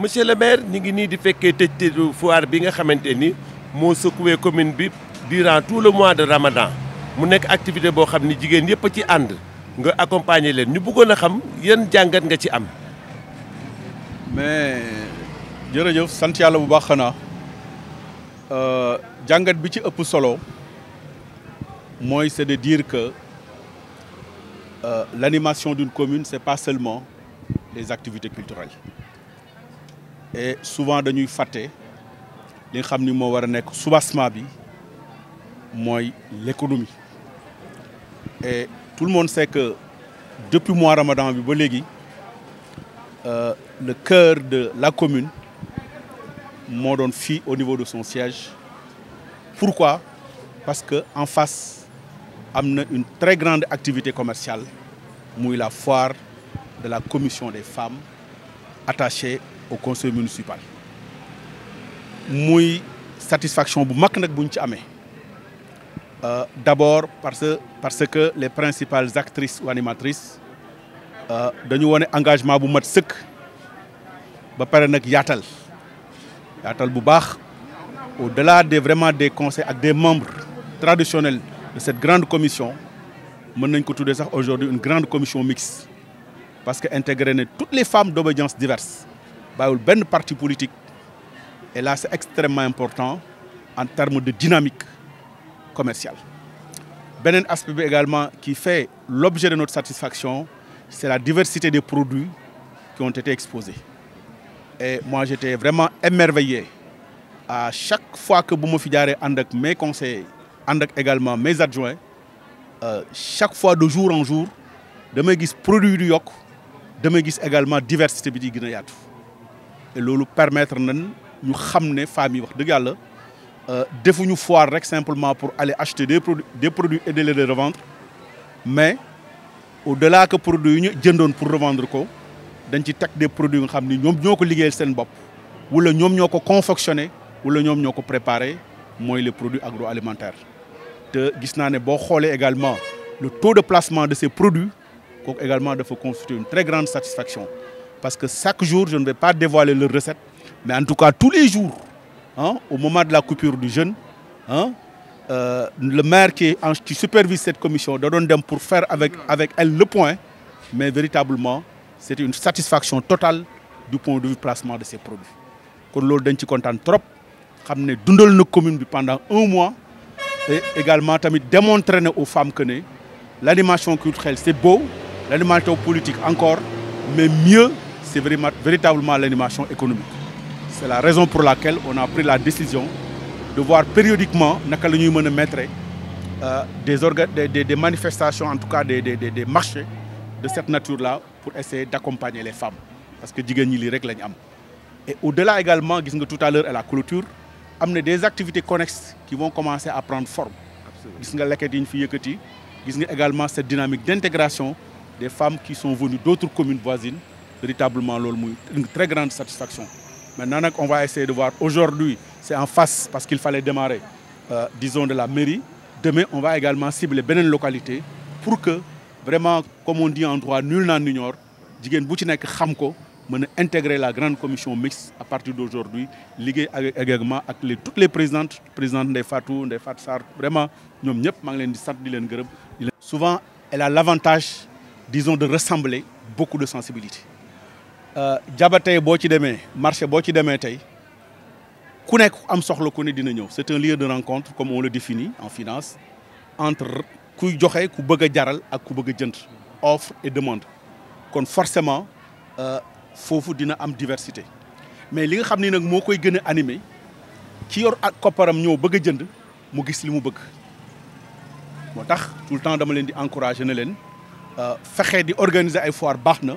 monsieur le maire ñu ngi nii di fekkee tëj tëju foire bi nga xamante ni moo secoué commune bi durant tout le mois de ramadan mu nekk activité boo xam ni jigéen ci nga accompagner leen ñu bëggoon a xam yan jàngat nga ci am. mais jërëjëf sant yàlla bu baax xanaa euh, jàngat bi ci ëpp solo mooy c'est de dire que euh, l'animation d'une commune c'est pas seulement les activités culturelles et souvent dañuy faté, li Nous savons que l'économie et tout le monde sait que depuis mois Ramadan bi euh, le cœur de la commune m'a donné au niveau de son siège pourquoi parce que en face y une très grande activité commerciale mouy la foire de la commission des femmes attachée au conseil municipal satisfaction euh, d'abord parce parce que les principales actrices ou animatrices euh, dañu un engagement au-delà des vraiment des conseils à des membres traditionnels de cette grande commission nous aujourd'hui une grande commission mixte parce que toutes les femmes d'obédience diverses beaucoup de parti politique et là c'est extrêmement important en termes de dynamique commerciale. Benen aspect également qui fait l'objet de notre satisfaction, c'est la diversité des produits qui ont été exposés. Et moi, j'étais vraiment émerveillé. À chaque fois que suis Fidjare avec mes conseils, avec également mes adjoints, euh, chaque fois de jour en jour, de me produits du yok, de me également diversité de Guinée et loolu permettre nañ ñu xam les familles yi wax dëgg yàlla euh, foire simplement pour aller acheter des produits des produits et de les revendre mais au-delà que produits yi ñu pour revendre ko dañ ci teg des produits nga xam ni ñoom ñoo ko liggéeyal seen bopp wala ñoom ñoo ko confectionné wala ñoom ñoo préparé les produits agroalimentaires te gis naa ne également le taux de placement de ces produits kooku également dafa constituer une très grande satisfaction parce que chaque jour, je ne vais pas dévoiler les recette. mais en tout cas, tous les jours, hein, au moment de la coupure du jeûne, hein, euh, le maire qui, supervise cette commission de pour faire avec, avec elle le point, mais véritablement, c'est une satisfaction totale du point de vue placement de ces produits. Donc, nous est content trop. Nous avons nos communes pendant un mois et également démontrer aux femmes que l'animation culturelle, c'est beau, l'animation politique encore, mais mieux, c'est véritablement l'animation économique. C'est la raison pour laquelle on a pris la décision de voir périodiquement mettre euh, des, des, des, manifestations, en tout cas des, marchés de cette nature-là pour essayer d'accompagner les femmes. Parce que Djigani les rek Et au-delà également, tout à l'heure à la clôture, amener des activités connexes qui vont commencer à prendre forme. Gis nga également cette dynamique d'intégration des femmes qui sont venues d'autres communes voisines véritablement une très grande satisfaction maintenant on va essayer de voir aujourd'hui c'est en face parce qu'il fallait démarrer euh, disons de la mairie demain on va également cibler les localité pour que vraiment comme on dit en droit nul n'en ignore Digène bu ci intégrer la grande commission mixte à partir d'aujourd'hui liguer avec également avec toutes les présidentes présentes des Fatou des Fatsar, vraiment souvent elle a l'avantage disons de ressembler beaucoup de sensibilité euh, jaba bo ci démé marché bo ci démé tay ku nek am soxlo ku ne dina ñew c'est un lieu de rencontre comme on le définit en finance entre ku joxé ku bëgg jaral ak ku bëgg jënd offre et demande kon forcément euh, fofu dina am diversité mais li nga xamni nak mo koy gëna animé ki yor ak coparam ñew bëgg jënd mu gis limu bëgg motax tout le temps dama leen di encourager na leen euh, fexé di organiser ay foire baxna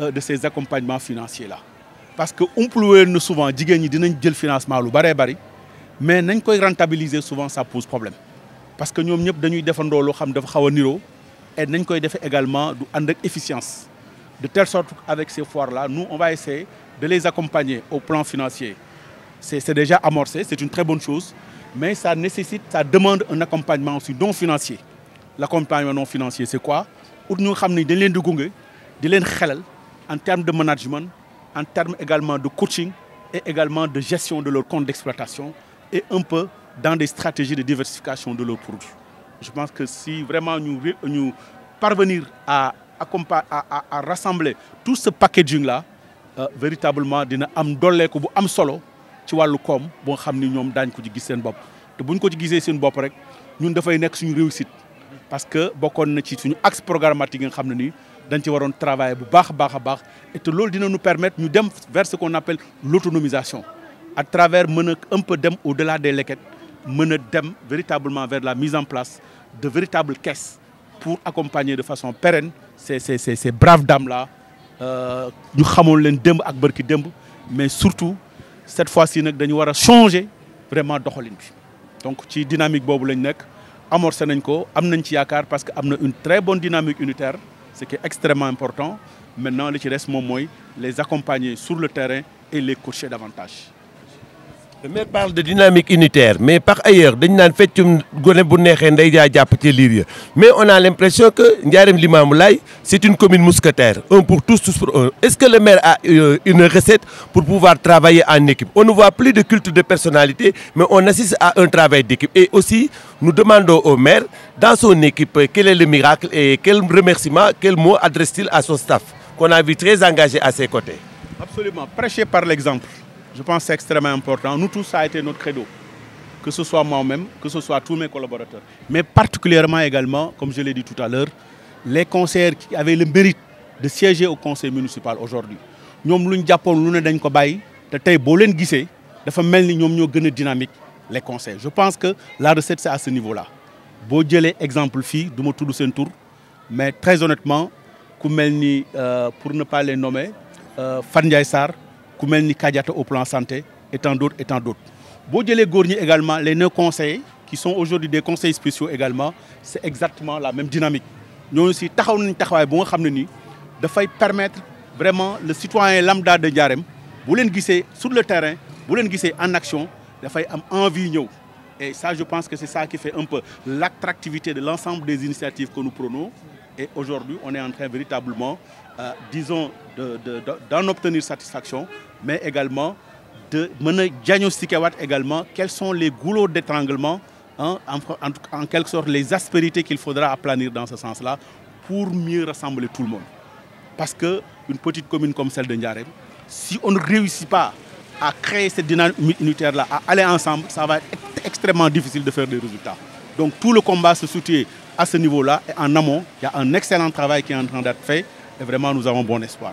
Euh, de ces accompagnements financiers-là. Parce que nous souvent, les gens le financement, mais nous koy rentabiliser souvent ça pose problème parce que nous, devons dañuy défendre et nous koy également du efficience de telle sorte avec ces foires là nous on va essayer de les accompagner au plan financier c'est déjà amorcé c'est une très bonne chose mais ça nécessite ça demande un accompagnement aussi non financier l'accompagnement non financier c'est quoi Où nous xam des dañ leen di des di leen en termes de management, en termes également de coaching et également de gestion de leur compte d'exploitation et un peu dans des stratégies de diversification de leurs produits. Je pense que si vraiment nous, parvenir à, à, rassembler tout ce packaging-là, euh, véritablement, nous avons un gens qui solo, ci wàllu koom boo xam te buñ ko ci réussite parce que si na ci axe programmatique nous ci waroon travailler bu baax a et nous loolu dina nous permettre ñu dem vers ce qu'on appelle l'autonomisation à travers un peu dem au-delà des leket mën a dem véritablement vers la mise en place de véritables caisses pour accompagner de façon pérenne ces ces ces ces braves dames là euh, ñu xamoon leen démb ak barki démb mais surtout cette fois-ci nous dañu war changer vraiment doxalin bi donc ci dynamique boobu lañ nekk amorcé nañ ko am nañ ci yaakaar parce que am na une très bonne dynamique unitaire ce qui est extrêmement important. Maintenant, les reste, c'est les accompagner sur le terrain et les coacher davantage le maire parle de dynamique unitaire mais par ailleurs mais on a l'impression que Lima Limamoulaye c'est une commune mousquetaire un pour tous tous pour un est-ce que le maire a euh, une recette pour pouvoir travailler en équipe on ne voit plus de culte de personnalité mais on assiste à un travail d'équipe et aussi nous demandons au maire dans son équipe quel est le miracle et quel remerciement quel mot adresse-t-il à son staff qu'on a vu très engagé à ses côtés absolument prêcher par l'exemple je pense que c'est extrêmement important. Nous tous, ça a été notre credo. Que ce soit moi-même, que ce soit tous mes collaborateurs. Mais particulièrement également, comme je l'ai dit tout à l'heure, les conseillers qui avaient le mérite de siéger au conseil municipal aujourd'hui. Nous avons Nous dynamique les conseils. Je pense que la recette, c'est à ce niveau-là. Si jëlee exemple du ma mais très honnêtement euh, pour ne pas les nommer euh, Fat ku au plan santé et tant d'autres et tant d'autres également les neuf conseils, qui sont aujourd'hui des conseils spéciaux également c'est exactement la même dynamique Nous aussi nous avons bu permettre vraiment le citoyen lambda de Ndiarème bu se sur le terrain bu se en action de faire envie ñëw et ça je pense que c'est ça qui fait un peu l'attractivité de l'ensemble des initiatives que nous prenons et aujourd'hui on est en train véritablement euh, disons d'en obtenir satisfaction, mais également de mener diagnostiquer également quels sont les goulots d'étranglement, hein, en, quelque sorte les aspérités qu'il faudra aplanir dans ce sens-là pour mieux rassembler tout le monde. Parce qu'une petite commune comme celle de Ndiarem, si on ne réussit pas à créer cette dynamique unitaire-là, à aller ensemble, ça va être extrêmement difficile de faire des résultats. Donc tout le combat se soutient à ce niveau-là. Et en amont, il y a un excellent travail qui est en train d'être fait. Et vraiment, nous avons bon espoir.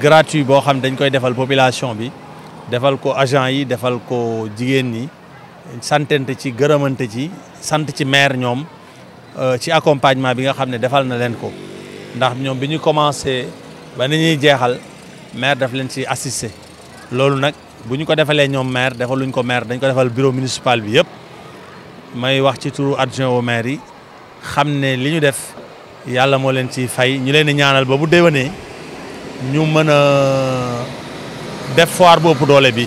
gratuit boo xam ne dañ koy defal population bi defal ko agent yi defal ko jigéen ñi santante ci gërëmante ci sant ci maire ñoom euh, ci accompagnement bi nga xam ne defal na leen ko ndax ñoom bi ñu commencé ba ni ñuy jeexal maire daf leen ci assister loolu nag bu ko defalee ñoom maire luñ ko maire dañ ko defal bureau municipal bi yëpp may wax ci turu adjoint au maire yi xam ne li ñu def yàlla moo leen ci fay ñu leen di ñaanal ba bu déwénee ñu mën a def foire boobu doole bi.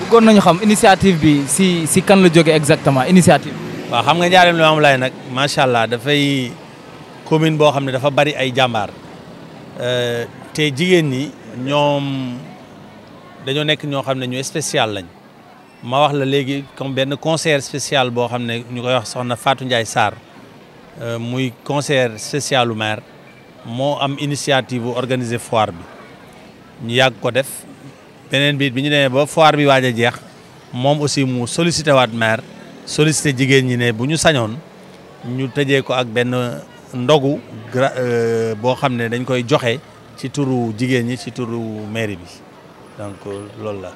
bëggoon nañu xam initiative bi si si kan la jóge exactement initiative. waaw xam nga Ndiarème Limamoulaye nag macha allah dafay commune boo xam ne dafa bari ay jàmbaar euh, te jigéen ñi ñoom dañoo nekk ñoo xam ne ñu spécial lañ ma wax la léegi comme benn conseillère spécial boo xam ne ñu koy wax soxna faatu Ndiaye Sarr euh, muy conseillère spécialu maire. mo am initiative bu organiser foire bi ñu yàgg ko def beneen biit bi ñu demee ba foire bi waaj jeex moom aussi mu sollicité wat maire sollicité jigéen ñi ne bu ñu ñu tëjee ko ak benn ndogu euh, boo bo ne dañ koy joxe ci turu jigéen ñi ci turu mairie bi donc euh, loolu la.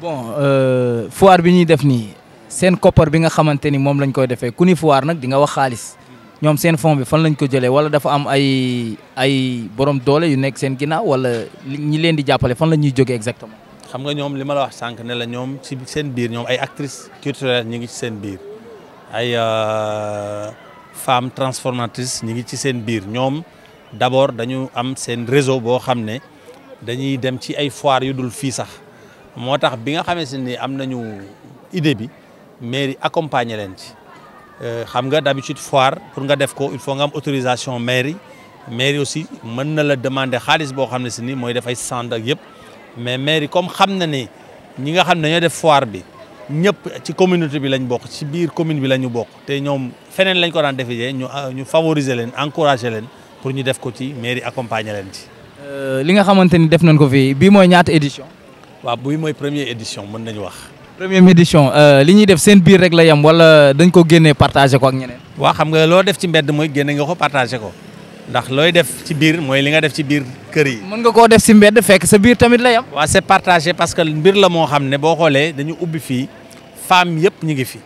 bon euh, foire bi ñuy def ni sen koppar bi nga xamante ni moom lañ koy defee kuni foire nag di nga wax ñoom seen fond bi fan lañ ko jolee wala dafa am ay ay borom doole yu nekk seen ginaaw wala ñi leen di jàppale fan la ñuy jógee exactement. xam nga ñoom li ma wax sànq ne la ñoom ci seen biir ñoom ay actrices culturelles ñu ngi ci seen biir ay euh, fem transformatrice ñu ngi ci seen biir ñoom d'abord dañu am seen réseau boo xam ne dañuy dem ci ay foires yu dul fii sax moo tax bi nga xamante ni am nañu idée bi mais mairie accompagner leen ci. Euh, xam nga d'habitude foire pour nga def ko il faut nga am autorisation mairie mairie aussi mën na la demander xaalis boo xam ne si ni mooy dafay sand ak yëpp mais mairie comme xam na ne ñi nga xam ne dañoo def foire bi ñëpp ci communauté bi lañ bokk ci biir commune bi lañu ñu bokk te ñoom feneen lañ ko daan defee ñu ah, ñu favoriser leen encourager leen pour ñu def ko ci mairie accompagner leen ci. Euh, li nga xamante ni def nañ ko fii bii mooy ñaata édition. waaw bii mooy première édition mën nañu wax. première édition euh, li ñuy def seen biir rek la yem wala dañ ko génne partagé ko ak ñeneen. waa xam nga loo def ci mbedd mooy génne nga ko partagé ko ndax looy def ci biir mooy li nga def ci biir kër yi. mën nga koo def si mbedd fekk sa biir tamit la yem. waa c'est partagé parce que mbir la moo xam ne boo xoolee dañu ubbi fii femme yëpp ñu ngi fii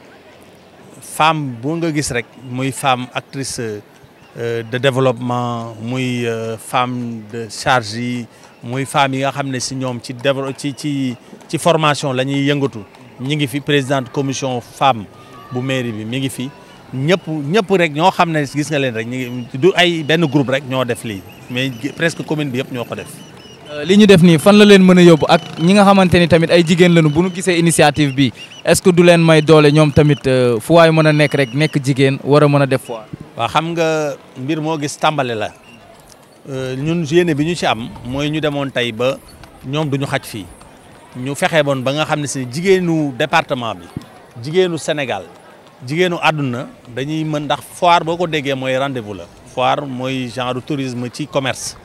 femme boo nga gis rek muy femme actrice. Euh, de développement muy euh, femme de charge yi muy femme yi nga xam ne si ñoom ci ci ci ci formation la ñuy yëngatu ñi ngi fi présidente commission femme bu mairie bi mi ngi fi ñëpp ñëpp rek ñoo xam ne gis nga leen rek ñu du ay benn groupe rek ñoo def lii mais presque commune bi yëpp ñoo ko def. Euh, li ñu def nii fan la leen mën a yóbbu ak ñi nga xamante ni tamit ay jigéen lañu bu ñu gisee initiative bi est-ce que du leen may doole ñoom tamit euh, fu waay mën a nekk rek nekk jigéen war a mën a def foire. waaw xam nga mbir moo gis tàmbale la euh, ñun yéene bi ñu si am mooy ñu demoon tey ba ñoom duñu xaj fii. ñu fexe bon ba nga xam ne si jigéenu département bi jigéenu Sénégal jigéenu àdduna dañuy mën ndax foire boo ko déggee mooy rendez-vous la foire mooy genre tourisme ci commerce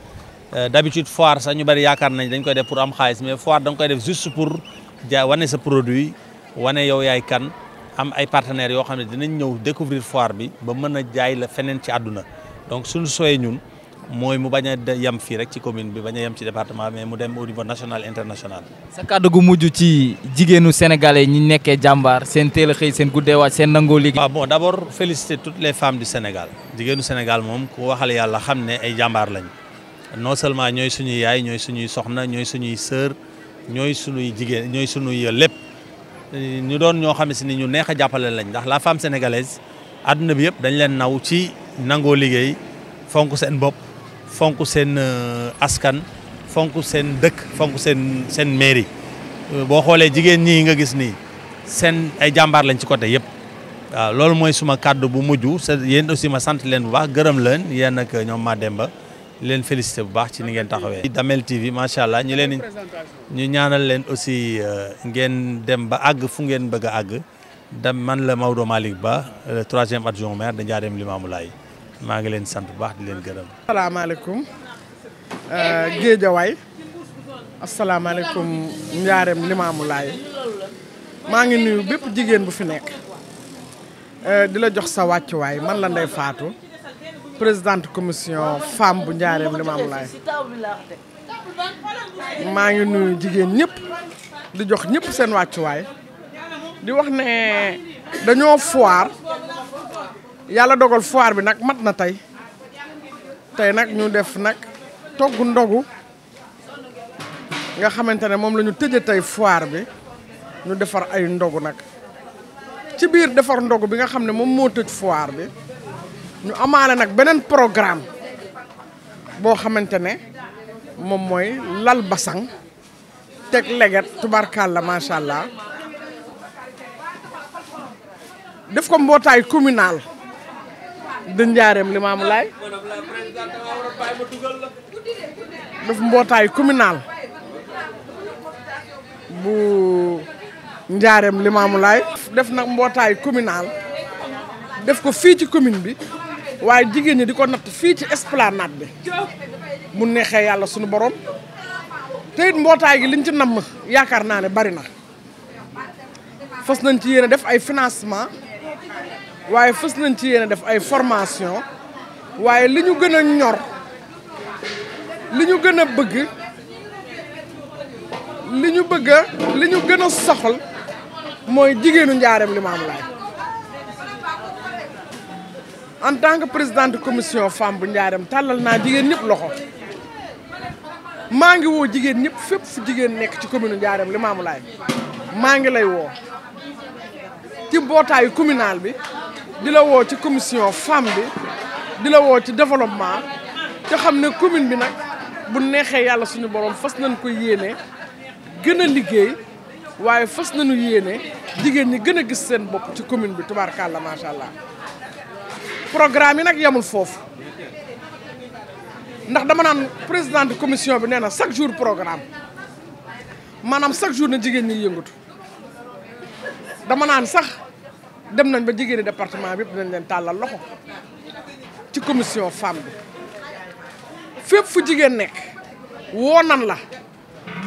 euh, d'habitude foire ça ñu bari yaakaar nañ dañ koy def pour am xaalis mais foire da nga koy def juste pour ja wane sa produit wane yow yaay kan am ay partenaires yoo xam ne dinañ découvrir foire bi ba mën a jaay la feneen ci àdduna donc suñu sooyee ñun mooy mu bañ a yem fii rek ci commune bi bañ a yem ci département mais mu dem au niveau national international. sa kàddu gu mujj ci jigéenu sénégalais ñi nekkee jàmbaar seen teel xëy seen guddee waaj seen nangoo liggéey. waaw bon d' abord féliciter toutes les femmes du Sénégal jigéenu Sénégal moom ku waxal yàlla xam ne ay jàmbaar lañ non seulement ñooy suñuy yaay ñooy suñuy soxna ñooy suñuy sœur ñooy suñuy jigéen ñooy suñuy lépp ñu doon ñoo xam si ni ñu neex a jàppale lañ ndax la femme sénégalaise àdduna bi yëpp dañ leen naw ci nangoo liggéey fonk seen bopp. fonk seen eh, askan fonku sen dekk fonku sen sen mairie eh, bo xolé jigen ñi nga gis ni sen ay jambar lañ ci côté yépp waaw lool moy suma cadeau bu muju yeen aussi ma sante len bu baax gërëm leen yéen ak ma demba len féliciter bu baax ci ni ngeen taxawee. Damel TV sha allah ñu len ñu ñaanal len aussi eh, ngeen dem ba ag fu ngeen bëgg ag dam man la malik Ba le 3e adjoint maire de Ndiarème Limamoulaye maa ngi leen sant bu baax di leen gërëm. asalaamaaleykum euh, Géejawaay asalaamaaleykum Njaareem Limaamu maa ngi nuyu bépp jigéen bu fi nekk euh, di la jox sa wàccuwaay man la Ndeye Fatou présidente commission femme bu Njaareem Limaamu Laay maa ngi nuyu jigéen ñépp di jox ñëpp seen wàccuwaay di wax ne dañoo foire. yàlla dogal foire bi nag mat na tey tey nag ñu def nag togg ndogu nga xamante ne moom la ñu tëje tey foire bi ñu defar ay ndogu nag ci biir defar ndogu bi nga xam ne moom moo tëj foire bi ñu amaale nag beneen programme boo xamante ne moom mooy lal basang teg leget tubarkalla macha allah def ko mbootaay communal de njaareem limaamu laay def mbootaay communal bu njaareem limaamu laay def na mbootaayu communal def ko fii ci commune bi waaye jigéen ñi di ko natt fii ci esplanade bi mu neexee yàlla sunu boroom te mbootaay gi liñ ci namm yaakaar naa ne bari na fas nañ ci yéene def ay financement waaye fës nañ ci yéen a def ay formation waaye li ñu gën a ñor li ñu gën a bëgg li ñu bëgg a li ñu gën a soxal mooy jigéenu njaareem Limaamu Laay en tant que présidente commission femme bu njaareem tàllal naa jigéen ñëpp loxo maa ngi woo jigéen ñëpp fépp fu jigéen nekk ci commune njaareem Limaamu Laay maa ngi lay woo ci mbootaayu communal bi di la woo ci commission femme bi di la woo ci développement te xam ne commune bi nag bu neexee yàlla suñu borom fas nañ ko yéene gën a liggéey waaye fas nañu yéene jigéen ñi gën a gis seen bopp ci commune bi tubaarkàlla macha allah programme yi nag yemul foofu ndax dama naan présidente commission bi nee na chaque jour programme maanaam chaque jour ne jigéen ñi yëngatu dama naan sax. dem nañ ba jigéeni département bi yëpp dinañ leen la loxo ci commission femme bi fépp fu jigéen nekk woo nan la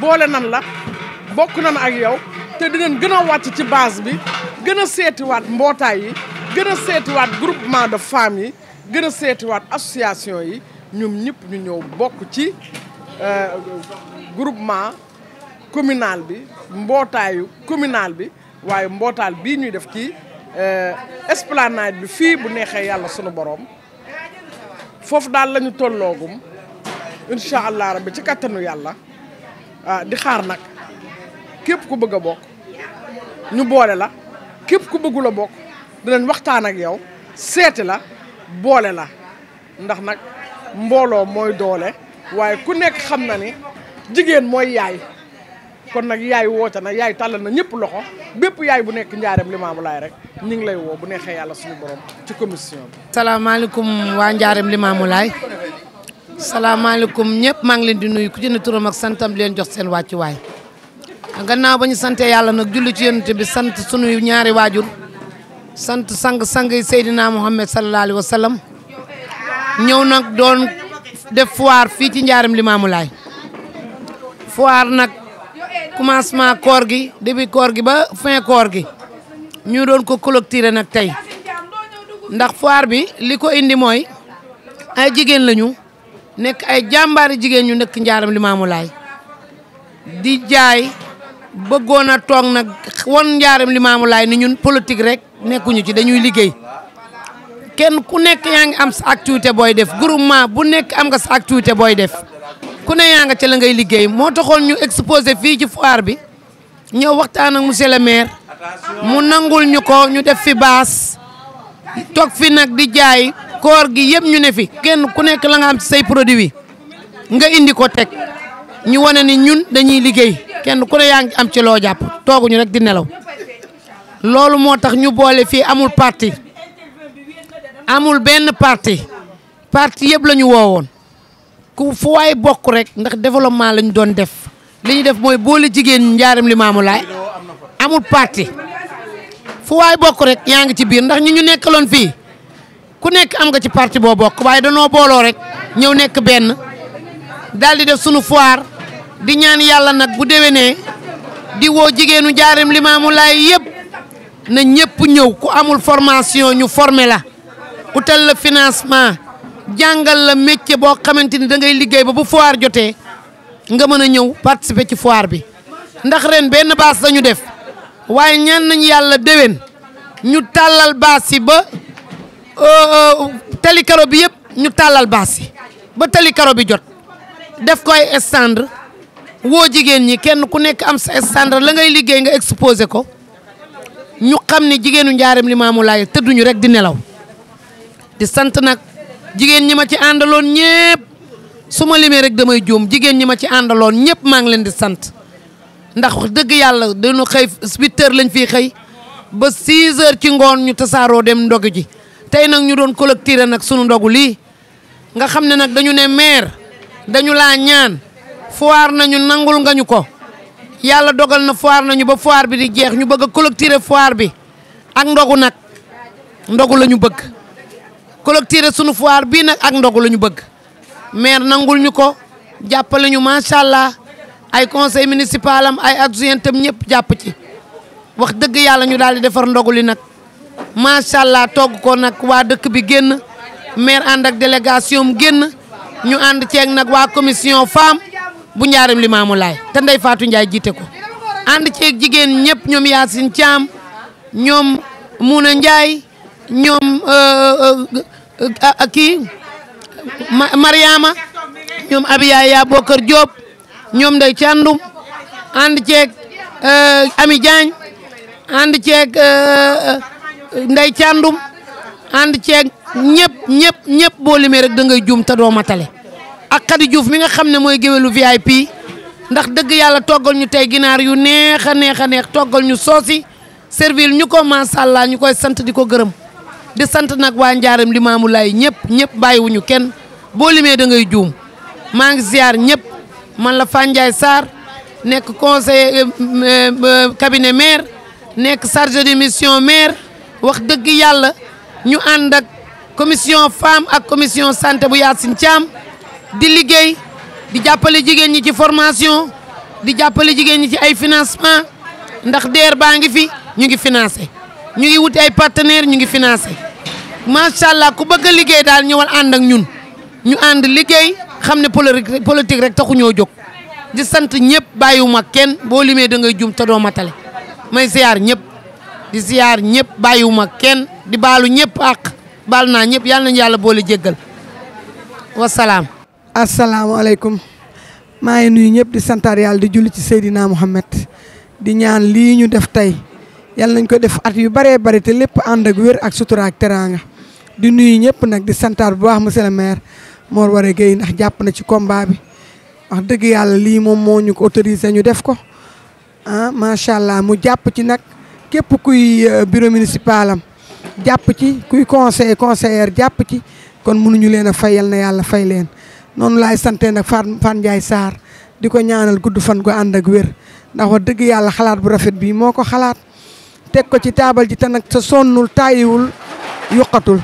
boole nan la bokk nan ak yow te dinañ gën a wàcc ci base bi gën a seetiwaat mbootaay yi gën a seetiwaat groupement de femmes yi gën a seetiwaat association yi ñoom ñëpp ñu ñëw bokk ci euh, groupement communal bi mbootaayu communal bi waaye mbootaal bii ñuy def kii Euh, esplanade bi fii bu neexee yàlla sunu boroom foofu daal lañu ñu tolloogum incha allah rabbi ci kàttanu yàlla ah, di xaar nag képp ku bëgg a bokk ñu boole la képp ku bëggul a bokk dinañ waxtaan ak yow seeti la boole la ndax nag mbooloo mooy doole waaye ku nekk xam na ni jigéen mooy yaay. kon nag yaay woote na yaay tàllal na ñëpp loxo bépp yaay bu nekk njaareem limaamu laay rek ñu ngi lay woo bu neexee yàlla suñu borom ci commission bi. salaamaaleykum waa njaareem limaamu laay salaamaaleykum ñëpp maa ngi leen di nuyu ku ci ne turam ak santam leen jox seen wàccuwaay gannaaw ba ñu sante yàlla nag julli ci yonent bi sant sunuy ñaari waajur sant sang-sang yi Seydina Muhammad sallallahu wa sallam ñëw nag doon def foire fii ci njaareem limaamu laay commencement koor gi début koor gi ba fin koor gi ñu doon ko clôturer nag tey ndax foire bi li ko indi mooy ay jigéen lañu nekk ay jàmbaari jigéen ñu nekk njaaram limaamulaay di jaay bëggoon a toog nag won njaaram limaamulaay ni ñun politique rek nekkuñu ci dañuy liggéey kenn ku nekk yaa ngi am sa activité booy def groupement bu nekk am nga sa activité booy def ku ne yaa nga ca la ngay liggéey moo taxoon ñu exposé fii ci foire bi ñëw waxtaan ak mu le maire mu nangul ñu ko ñu def fi baas toog fi nag di jaay koor gi yëpp ñu ne fi kenn ku nekk la nga produit nga indi ko teg ñu wane ni ñun dañuy liggéey kenn ku ne yaa ngi am ci loo tooguñu rek di nelaw loolu moo tax ñu boole fii amul parti amul benn parti parti yëpp la ñu woowoon ku fu waay bokk rek ndax développement lañu doon def li ñu def mooy boole jigéen njaaram li maamu laay amul parti fu waay bokk rek yaa ngi ci biir ndax ñu ñu nekkaloon fii ku nekk am nga ci parti boo bokk waaye danoo booloo rek ñëw nekk benn daal di def sunu foire di ñaan yàlla nag bu déwénee di woo jigéenu jaaram limaamu laay yëpp na ñëpp ñëw ku amul formation ñu former la utal la financement jàngal la métier boo xamante ni da ngay liggéey ba bu foire jotee nga mën a ñëw participer ci foire bi ndax ren benn baas dañu def waaye ñan nañu yàlla déwén ñu tàllal baas yi ba euh, euh, talikaro bi yëpp ñu tàllal baas yi ba tali karo bi jot def ko ay estendre woo jigéen ñi kenn ku nekk am sa estendre la ngay liggéey nga exposé ko ñu xam ni jigéenu njaaram li maamu laay tëdduñu rek di nelaw di sant nag jigéen ñi andalon ci àndaloon ñëpp su ma limee rek damay juum jigéen ñi ma ci àndaloon ñëpp maa ngi leen di sant ndax dëgg dañu heures lañ ba heures ci ñu dem ndogu ji tey nag ñu doon collecter nag sunu ndogu lii nga xam ne dañu ne maire dañu ñaan nañu nangul ko dogal na foire nañu ba foire bi di jeex ñu bëgg a collecter bi ak ndogu ndogu bëgg collecté sunu foire bii nag ak ndogu la ñu bëgg maire nangul ñu ko jàppale ñu macha allah ay conseil municipal am ay adjoint tam ñëpp jàpp ci wax dëgg yàlla ñu daal di defar ndogu li nag macha allah togg ko nag waa dëkk bi génn maire ànd ak délégation mu génn ñu ànd ceeg nag waa commission femme bu njaaram li maamu laay te Ndeye Fatou Ndiaye jiite ko ànd ceeg jigéen ñëpp ñoom Yacine Thiam ñoom Muna Ndiaye ñoom euh, euh, Euh, kii Mariama ñoom Abiya yaa Bokar Diop ñoom Ndeye Thiandoum ànd ceeg euh, Ami Diagne ànd ceeg euh, Ndeye Thiandoum ànd ceeg ñëpp ñëpp ñëpp boo limee dangay da juum te doo matale ak Khady Diouf mi nga xam ne mooy géwélu VIP ndax dëgg yàlla toggal ñu tey ginaar yu neex a neex a neex toggal ñu soosi servil ñu ko macha allah ñu koy sant di ko gërëm. di sant nag waa Njaaram Limaamu Laay ñëpp ñëpp bàyyiwuñu kenn boo limee da ngay juum maa ngi ziar ñëpp man la Fandiaye Sarr nekk conseiller euh, euh, euh, cabinet maire nekk sarge de mission maire wax dëgg yàlla ñu ànd ak commission femme ak commission santé bu Yacine Thiam di liggéey di jàppale jigéen ñi ci formation di jàppale jigéen ñi ci ay financement ndax DER baa ngi fi ñu ngi financé ñu ngi wut ay partenaires ñu ngi financé macha allah ku bëgg a liggéey daal ñëwal ànd ak ñun ñu ànd liggéey xam ne politique rek taxuñoo jóg di sant ñëpp bàyyiwuma kenn boo limee da ngay jum te doo matale may ziar ñëpp di siyaar ñëpp bàyyiwuma kenn di baalu ñëpp àq baal naa ñëpp yàlla nañu yàlla boole jéggal assalaamu aleykum maa ngi nuyu ñëpp di santaar yàlla di julli ci Seydina Mohamed di ñaan lii ñu def tey. yalla nañ ko def at yu bare bare te lepp and ak wër ak sutura ak teranga di nuyu ñepp nak di santar bu baax monsieur le maire Mor Waré Guèye ndax japp na ci combat bi wax deug yalla li mom mo ñu ko autoriser ñu def ko ah sha allah mu japp ci nak kep kuy euh, bureau municipal am jàpp ci kuy conseiller conseiller japp ci kon mënu ñu a fayal na yalla fay leen non lay santé nak fan fan jay sar diko ñaanal gudd fan gu and ak wër ndax wax deug yalla xalaat bu rafet bi moko xalaat tek ko ci table ji tan ak sa sonul tayiwul yoqatul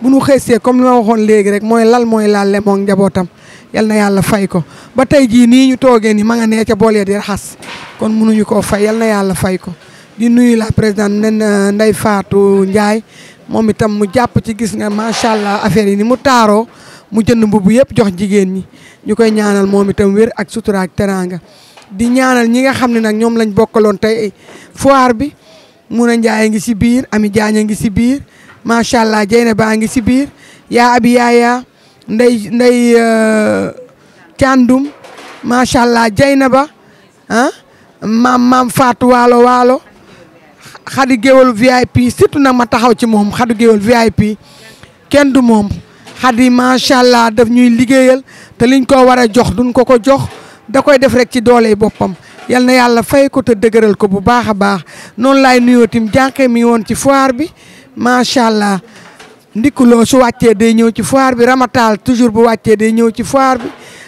bu nu xesse comme li ma waxoon léegi rek moy lal moy lal le njabootam yal na yalla fay ko ba tay ji ni ñu toge ni ma nga ne ca bolé ya has kon kon ñu ko fay yalna na fay ko di nuyu la président nen euh, Ndeye Fatou ndjay momi tam mu japp ci gis nga macha allah affaire yi ni mu taro mu jënd mbubu yépp jox jigen ni ñukoy ñaanal momi tam ak sutura ak teranga di ñaanal ñi nga xamni nak ñom lañ bokkalon tay foire bi mun a njaay ngi si biir ami jaañ a ngi si biir macha allah jeyna baa ngi si biir yaa abi yaaya nday nday euh, càndum macha allah jeyna ba ah maam maam faatu waalo waalo xadi géwal VIP surtout nag ma taxaw ci moom xadi géwal VIP kenn du moom xadi macha allah daf ñuy liggéeyal te liñ ko war jox duñ ko ko jox da koy def rek ci doole boppam yal na yàlla fay ko te dëgëral ko bu baax a baax noonu laay nuyoo tim jànqe mii woon ci foire bi macha allah ndikuloo su wàccee day ñëw ci foire bi ramataal toujours bu wàccee day ñëw ci foire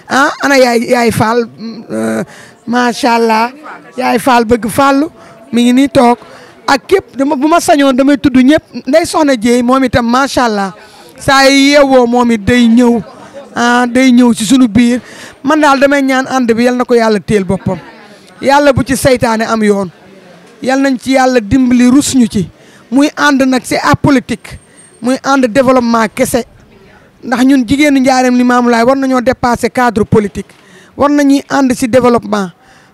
ah ana yaay yaay faal euh, macha allah yaay faal bëgg fàllu mi ngi nii toog ak képp dama bu ma sañoon damay tudd ñëpp nday soxna jéey moom itam macha allah saa yi moom it day ñëw ah day ñëw ci sunu biir man daal damay ñaan ànd bi yal na ko yàlla téel boppam. yàlla bu ci seytaane am yoon yàlla nañ ci yàlla dimbali rus ñu ci muy ànd nag c'est apolitique muy ànd développement kese ndax ñun jigéenu njaareem Limaamulaay war nañoo dépasser cadre politique war na nañuy ànd ci développement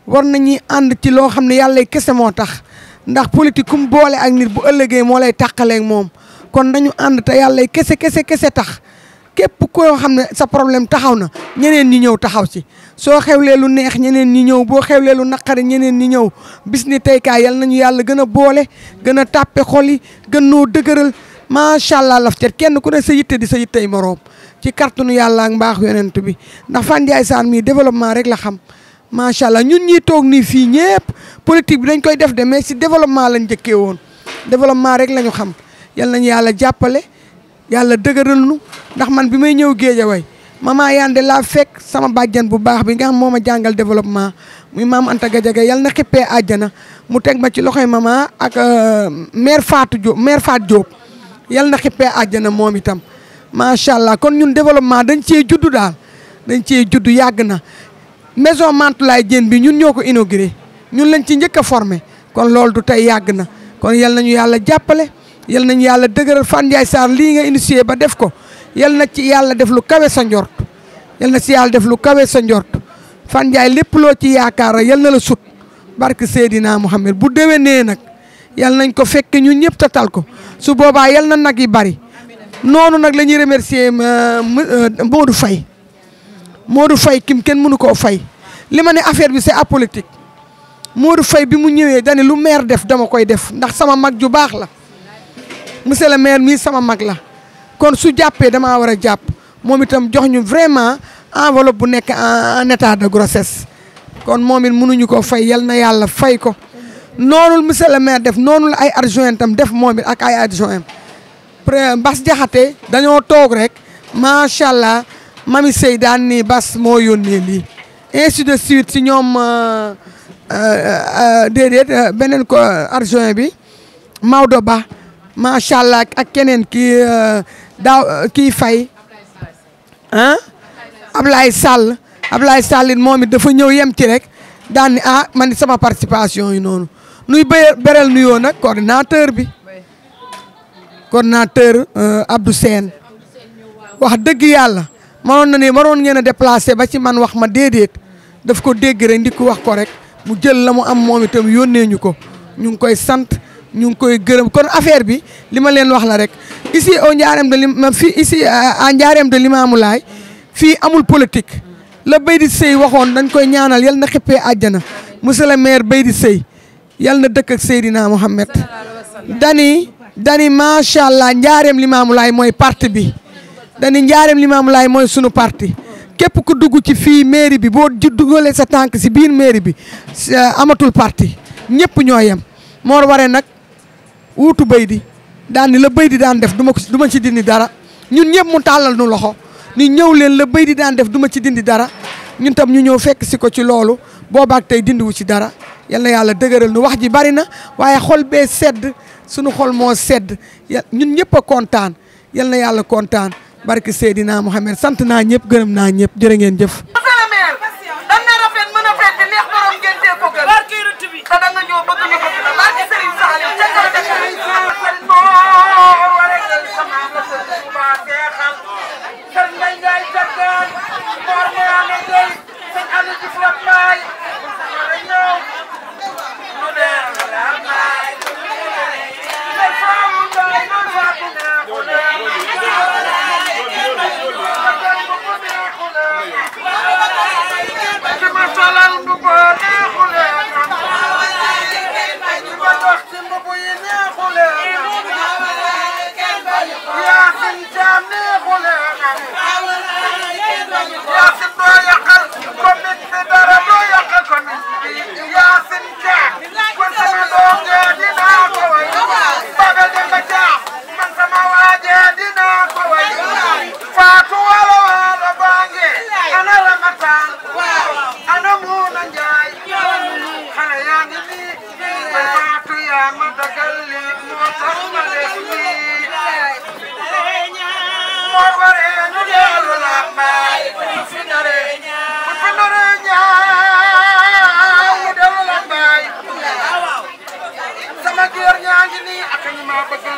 war nañuy ànd ci loo xam ne yàlla kese moo tax ndax politique kum boole ak nit bu ëllëgee moo lay tàqaleeg moom kon nañu ànd te yàlla kese kese kese tax képp koo xam ne sa problème taxaw na ñeneen ñi ñëw taxaw si soo xewlee lu neex ñeneen ñi ñëw boo xewlee lu naqari ñeneen ñi ñëw bis tey kaa yal nañu yàlla gën a boole gën a tàppe xol yi gën noo dëgëral macha allah laf tet kenn ku ne sa yitte di sa yittey moroom ci kàttanu yàlla ak mbaax yonent bi ndax Fane Ndiaye Sarr mii développement rek la xam macha allah ñun ñuy toog nii fii ñëpp politique bi dañ koy def de mais si développement lañ njëkkee woon développement rek la ñu xam yal nañu yàlla jàppale. yàlla dëgëral nu ndax man bi may ñëw Géejawaay maman Yande laa fekk sama bàjjan bu baax bi nga xam moom ma jàngal développement muy maam Anta Gadiaga yàlla na xippee àjjana mu teg ma ci loxoy maman ak euh, mère Fatou Diop mère Fatou Diop yàlla na xippee àjjana moom itam macha allah kon ñun développement dañ cee juddu daal dañ cee juddu yàgg na maison Mantoulaye jën bi ñun ñëw ko inauguré ñun lañ ci njëkk a formé kon loolu du tey yàgg na kon yàlla nañu yàlla jàppale. yal nañu yàlla dëgëral Fane Ndiaye lii nga initié ba def ko yal na ci yàlla def lu kawe sa njort yal na si yàlla def lu kawe sa njort Fane lépp loo ci yaakaar yal na la sut barke Seydina Mohamed bu nee nag yal nañ ko fekkee ñu ñëpp tatal ko su boobaa yal na nag yi bari noonu nag la ñuy remercier euh, euh, Modou Faye Modou Faye kim kenn mënu koo fay li ma ne affaire bi c'est apolitique Modou fay bi mu ñëwee dani lu meer def dama koy def ndax sama mag ju baax la. monsieur le maire mii sama mag la kon su jàppee damaa war a jàpp moom itam jox ñu vraiment enveloppe bu nekk en état de grossesse kon moom it munuñu ko fay yal na yàlla fay ko noonul monsieur le maire def noonu la ay adjoint tam def moom it ak ay adjoint Bas Jaxate dañoo toog rek macha allah mami seydaan daan ni Bas moo yónnee lii ainsi de suite si ñoom euh, euh, euh, déedéet beneen ko adjoint bi Maodo Ba macha allah ak keneen kii uh, daaw uh, kii fay ah Ablaye Sall Ablaye Sall it moom dafa ñëw yem ci rek daan ni ah man ni sama participation yi noonu nuy bé beral nuyoo nag coordinateur bi coordinateur uh, abdu seen wax dëgg yàlla manoon na ne waroon ngeen a déplacé ba ci man wax ma déedéet daf ko dégg rek ndi ko wax ko rek mu jël la mu am moom itam yónnee ñu ko ñu ngi koy sant ñu ngi koy gërëm kon affaire bi li ma leen wax la rek issi au Ndiarème de lim fii ici à Ndiarème de Limamoulaye fii amul politique la Baydi Seye waxoon dañ koy ñaanal yal na xippee àjjana monsieur le maire di Seye yal na dëkk ak Seydina Mohamed dani dani macha allah Ndiarème Limamoulaye mooy parti bi dani Ndiarème Limamoulaye mooy sunu parti képp ku dugg ci fii mairie bi boo dugalee sa tànk si biir mairie bi amatul parti ñëpp ñoo yem moo waree nag wuutu béy di daan ni la béy di daan def duma ko du ci dindi dara ñun ñëpp mu tàllal nu loxo ni ñëw leen la béy di daan def duma ci dindi dara ñun tam ñu ñëw fekk si ko ci loolu boobaak tey dindiwu ci dara yal na yàlla dëgëral nu wax ji bari na waaye xol bee sedd sunu xol moo sedd ñun ñëpp a kontaan yal na yàlla kontaan barke Seydina Mohamed sant naa ñëpp gërëm naa ñëpp jërë ngeen jëf. Captain, former MLA, St. Andrew's Lappai, Yeah, I'm in jam, never let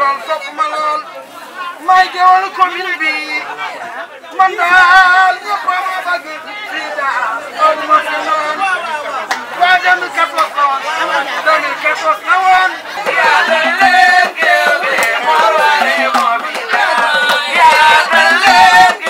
lool sopp ma lool may be commune bi